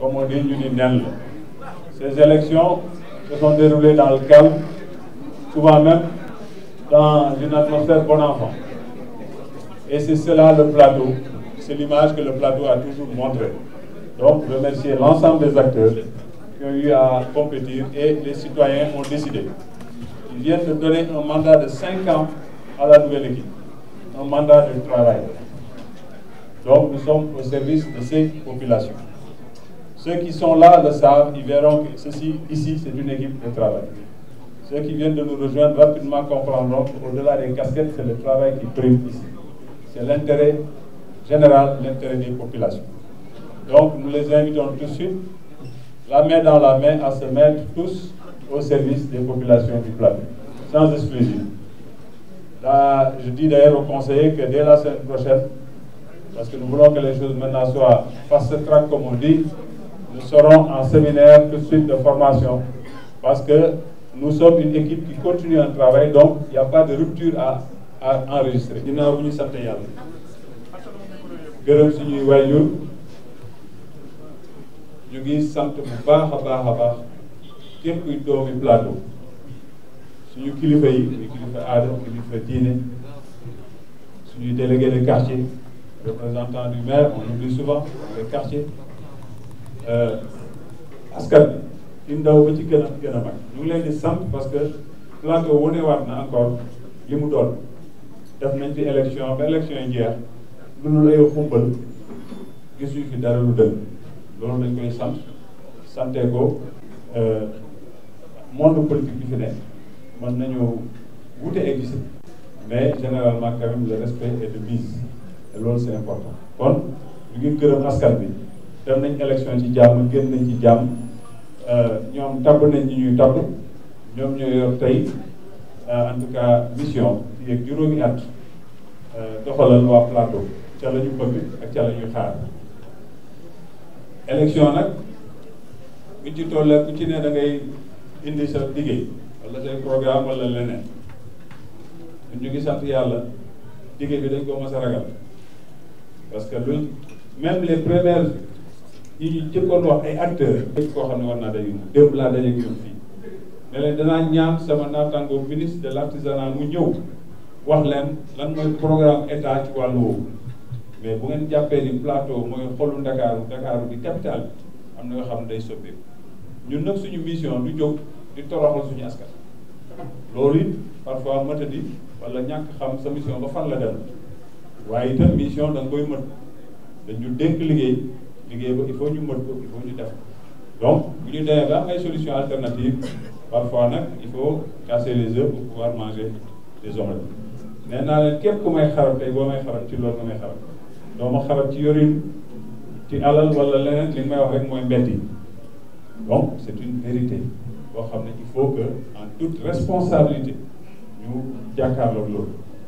comme on dit, Ces élections se sont déroulées dans le calme, souvent même dans une atmosphère bon enfant. Et c'est cela le plateau, c'est l'image que le plateau a toujours montré. Donc, remercier l'ensemble des acteurs qui ont eu à compétir et les citoyens ont décidé. Ils viennent de donner un mandat de 5 ans à la nouvelle équipe, un mandat de travail. Donc, nous sommes au service de ces populations. Ceux qui sont là le savent, ils verront que ceci, ici, c'est une équipe de travail. Ceux qui viennent de nous rejoindre rapidement comprendront qu'au-delà des casquettes, c'est le travail qui prime ici. C'est l'intérêt général, l'intérêt des populations. Donc, nous les invitons tout de suite, la main dans la main, à se mettre tous au service des populations du plateau, sans exclusion. je dis d'ailleurs aux conseillers que dès la semaine prochaine, parce que nous voulons que les choses maintenant soient face track comme on dit, nous serons en séminaire tout de suite de formation parce que nous sommes une équipe qui continue un travail, donc il n'y a pas de rupture à, à enregistrer. ginnaaw bu ñu sant yàlla gërëm suñuy waajur ñu ngi sant bu baax a baax a doomi plateau suñu kilifa yi ñu Adam, aada kilifa diine suñuy délégué de quartier représentant du maire on oublie souvent les quartiers Euh, askan ci ndaw ba ci gën a gën a mag leen di sant parce que Plateau wonewaat na encore li mu doon def nañ fi élection ba élection yi jeex lu nu lay xumbal gisuñu fi dara lu dëng loolu dañ koy sant sante ko euh, monde politique bi fi nekk mën nañu wute ay gis mais généralement quand même le respect est de mise te loolu c'est important kon ñu ngi gërëm askan bi dem nañ élection ci jàmm génn nañ ci jàmm euh, ñoom tabb nañ ñi ñuy tabb ñoom ñoo yor tey euh, en tout cas mission yeeg juróomi at euh, doxalal waa plateau ca la ñu bëgg ak ca la ñuy xaar élection nag buñ ci toll ku ci ngay indi sa liggéey wala say programme wala leneen ñu ngi sant yàlla liggéey bi dañ ko mos a ragal parce que lu même les premières yi ñu jëkkoon wax ay acteurs. yëpp koo xam ne war naa daje ñun. démb laa fii ne leen danaa ñaan sama naataango ministre de l' artisanat mu ñëw wax leen lan mooy programme état ci wàllu woowu mais bu ngeen jàppee ni plateau mooy xolu ndakaaru ndakaaru bi capital am na yoo xam ne day soppeeku ñun nag suñu mission du jóg di toroxal suñu askan. loolu it parfois matadi wala ñàkk xam sa mission ba fan la dem waaye itam mission da nga koy mët dañu dénk liggéey. il faut ñu nous il faut donc solutions alternatives parfois il faut casser les œufs pour pouvoir manger les omelettes képp may ci nga may donc c'est une vérité il faut que en toute responsabilité nous jàkkaarloog loolu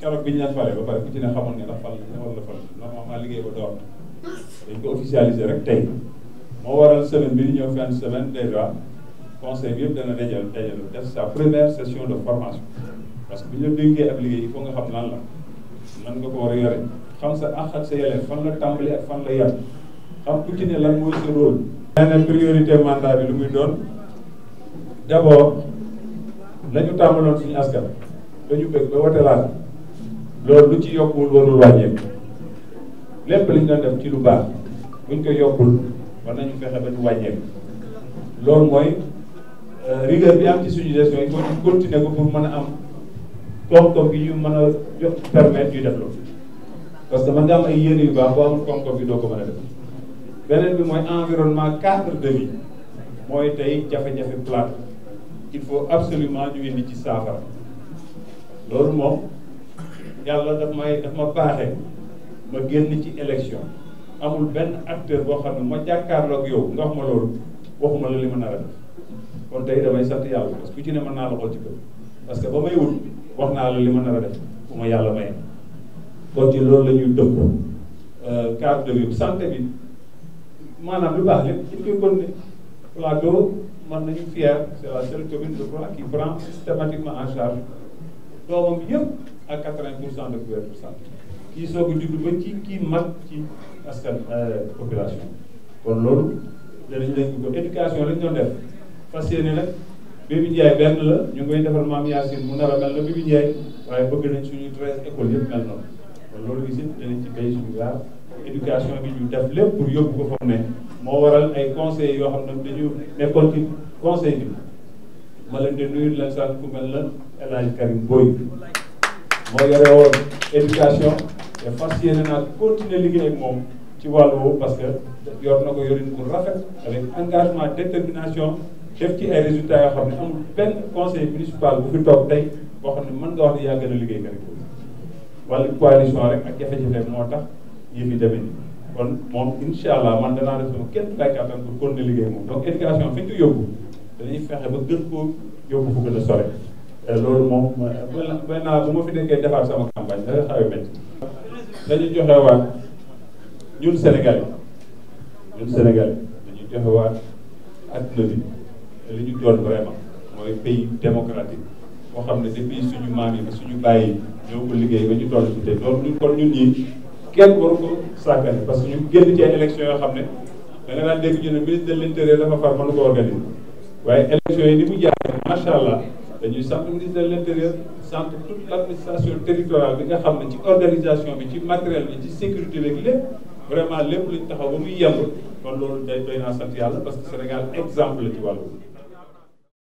keroog bi ñu naan fale ba pare ku ci ne xamoon ne ndax fal na wala fal normalement liggéey ba door dañ ko officialiser rek tey moo waral semaine bi di ñëw fin de semaine déjà conseil bi yëpp dana dajal dajal def sa première session de formation parce que bu ñu la dénkee ab liggéey il faut nga xam lan la nan nga ko war a yore xam sa àq ak sa yelleef fan la tàmbali ak fan la yar xam ku ci ne lan mooy sa rôle. nee na priorité mandat bi lu muy doon d'abord la ñu tàmbaloon suñu askan dañu bëgg ba wote laal loolu lu ci yokkuwul warul wàññeeku lépp li ñu doon def ci lu baax buñ ko yokkul war nañu fexe ba du wàññeeku loolu mooy euh, rigueur bi am ci suñu gestion yi ko continuer ko pour mën a am koom-koom yi ñu mën a jox permettre ñu def loolu parce que mën nga am ay yéene yu baax boo amul koom-koom bi doo ko mën a def beneen bi mooy environnement cadre de vie mooy tey jafe-jafe plate il faut absolument ñu indi ci saafara loolu moom yàlla daf may daf ma baaxee ma génn ci élection amul benn acteur boo xam ne ma jàkkaarloog yow nga wax ma loolu waxuma la li ma nar de def kon tey damay sant yàlla parce que ku ci ne naa la xool ci que ba may wut wax naa la li ma nar a def bu ma yàlla maye kon ci loolu la ñuy dëpp euh, cadre bi santé bi maanaam lu baax lépp ñu koy continuer Plateau man nañu fier c'est la seule commune je crois qui prend systématiquement en charge doomam à quatre-vingt pour cent de couverture santé kii soo ko jublu ba ci kii mag ci askan euh, population kon loolu danañ leen ko éducation lañ doon def fas yéene nag Bébé Ndiaye benn la ñu ngi koy defar maam Yacine mu nar a mel na Bébé Ndiaye waaye bëgg nañ suñuy treize écoles yëpp mel noonu kon loolu gis it danañ ci bay suñu gaar éducation bi ñu def lépp pour yóbbu ko foog moo waral ay conseils yoo xam ne dañu nekkoon ci conseil bi ma leen di nuyu leen ku mel la El Hadj Karim Boy moo éducation et fas yéene continuer liggéey ak moom ci walou woowu parce que yor na ko yorin bu rafet avec engagement détermination def ci ay résultats yoo xam ne amul conseil municipal bu fi toog tey boo xam ne mën nga wax ne yaa gën a liggéey rek wala coalition rek ak jafe-jafe moo tax yëf yi demee nii kon mom inshallah man danaa def sama kenn ka kàttan pour continuer liggéey moom donc éducation fi tu yóbbu dañuy fexé ba gën ko yóbbu fu gën a sore te loolu moom maintenant bu ma fi nekkee defaat sama campagne dana xaw a métti dañu joxe waat ñun Sénégal yi ñun Sénégal yi dañu joxe waat adduna bi te li ñu doon vraiment mooy pays démocratique boo xam ne depuis suñu maam yi ba suñu bàyyi ñoo ko liggéey ba ñu toll ci tey loolu kon ñun ñii kenn waru ko sàkkane parce que ñu génn ci ay élection yoo xam ne da nga daan dégg ñu ne ministre de l' intérieur dafa far mënu ko organiser yi ni mu jaar macha allah. dañuy sant ministre de l' intérieur sant toute administration territoriale bi nga xam ne ci organisation bi ci matériel bi ci sécurité rek lépp vraiment lépp luñ taxaw ba muy yemb kon loolu day doy naa sant yàlla parce que Sénégal exemple la ci wàllu